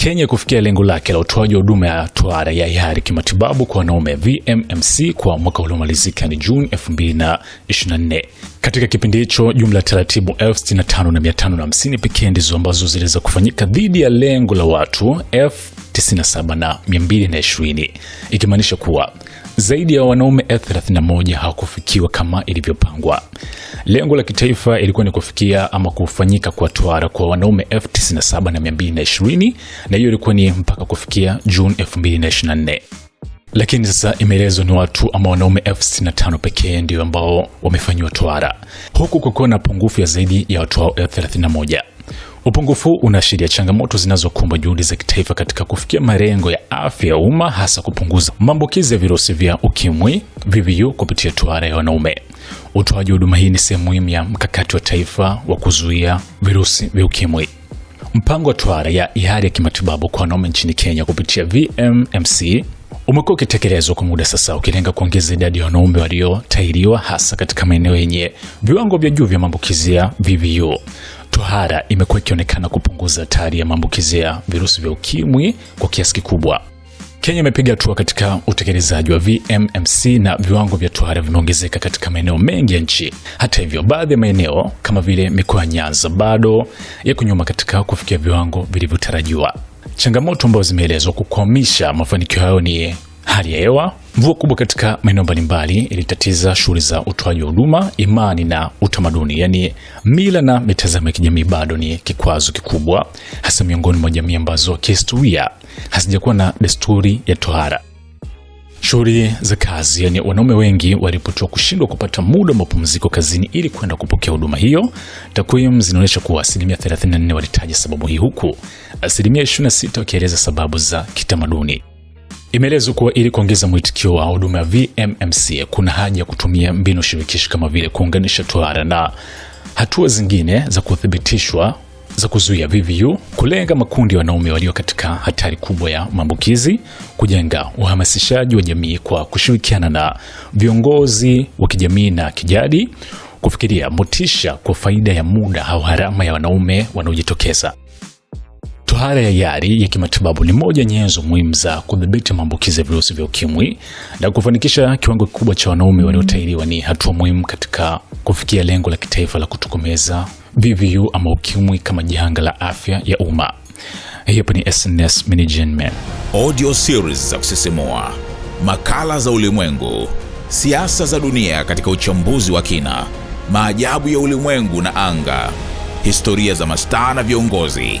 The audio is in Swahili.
Kenya kufikia lengo lake la utoaji wa huduma ya tohara ya hiari kimatibabu kwa wanaume VMMC kwa mwaka uliomalizika ni Juni 2024. Katika kipindi hicho jumla ya taratibu 65,550 pekee ndizo ambazo ziliweza kufanyika dhidi ya lengo la watu 97,220 ikimaanisha kuwa zaidi ya wanaume 31 hawakufikiwa kama ilivyopangwa. Lengo la kitaifa ilikuwa ni kufikia ama kufanyika kwa tohara kwa wanaume 97,220 na hiyo ilikuwa ni mpaka kufikia Juni 2024 lakini sasa imeelezwa ni watu ama wanaume elfu sitini na tano pekee ndio ambao wamefanyiwa tohara huku kukiwa na pungufu ya zaidi ya watu hao elfu thelathini na moja. Upungufu unaashiria changamoto zinazokumba juhudi za kitaifa katika kufikia malengo ya afya ya umma, hasa kupunguza maambukizi ya virusi vya ukimwi VVU kupitia tohara ya wanaume. Utoaji huduma hii ni sehemu muhimu ya mkakati wa taifa wa kuzuia virusi vya ukimwi. Mpango wa tohara ya hiari ya kimatibabu kwa wanaume nchini Kenya kupitia VMMC umekuwa ukitekelezwa kwa muda sasa, ukilenga kuongeza idadi ya wanaume waliotahiriwa, hasa katika maeneo yenye viwango vya juu vya maambukizi ya VVU tohara imekuwa ikionekana kupunguza hatari ya maambukizi ya virusi vya ukimwi kwa kiasi kikubwa. Kenya imepiga hatua katika utekelezaji wa VMMC na viwango vya tohara vimeongezeka katika maeneo mengi ya nchi. Hata hivyo, baadhi ya maeneo kama vile mikoa ya Nyanza bado yako nyuma katika kufikia viwango vilivyotarajiwa. Changamoto ambazo zimeelezwa kukwamisha mafanikio hayo ni Hali ya hewa: mvua kubwa katika maeneo mbalimbali ilitatiza shughuli za utoaji wa huduma, imani na utamaduni, yaani mila na mitazamo ya kijamii bado ni kikwazo kikubwa, hasa miongoni mwa jamii ambazo kihistoria hazijakuwa na desturi ya tohara. Shughuli za kazi, yani wanaume wengi walipotiwa kushindwa kupata muda wa mapumziko kazini ili kwenda kupokea huduma hiyo. Takwimu zinaonyesha kuwa asilimia 34 walitaja sababu hii, huku asilimia 26 wakieleza sababu za kitamaduni. Imeelezwa kuwa ili kuongeza mwitikio wa huduma ya VMMC kuna haja ya kutumia mbinu shirikishi kama vile kuunganisha tohara na hatua zingine za kuthibitishwa za kuzuia VVU, kulenga makundi ya wanaume walio katika hatari kubwa ya maambukizi, kujenga uhamasishaji wa jamii kwa kushirikiana na viongozi wa kijamii na kijadi, kufikiria motisha kwa faida ya muda au harama ya wanaume wanaojitokeza tohara ya hiari ya kimatibabu ni moja nyenzo muhimu za kudhibiti maambukizi ya virusi vya ukimwi na kufanikisha kiwango kikubwa cha wanaume waliotahiriwa. Ni hatua muhimu katika kufikia lengo la kitaifa la kutokomeza VVU ama ukimwi kama janga la afya ya umma. Hii hapa ni SNS Men, audio series za kusisimua, makala za ulimwengu, siasa za dunia katika uchambuzi wa kina, maajabu ya ulimwengu na anga, historia za mastaa na viongozi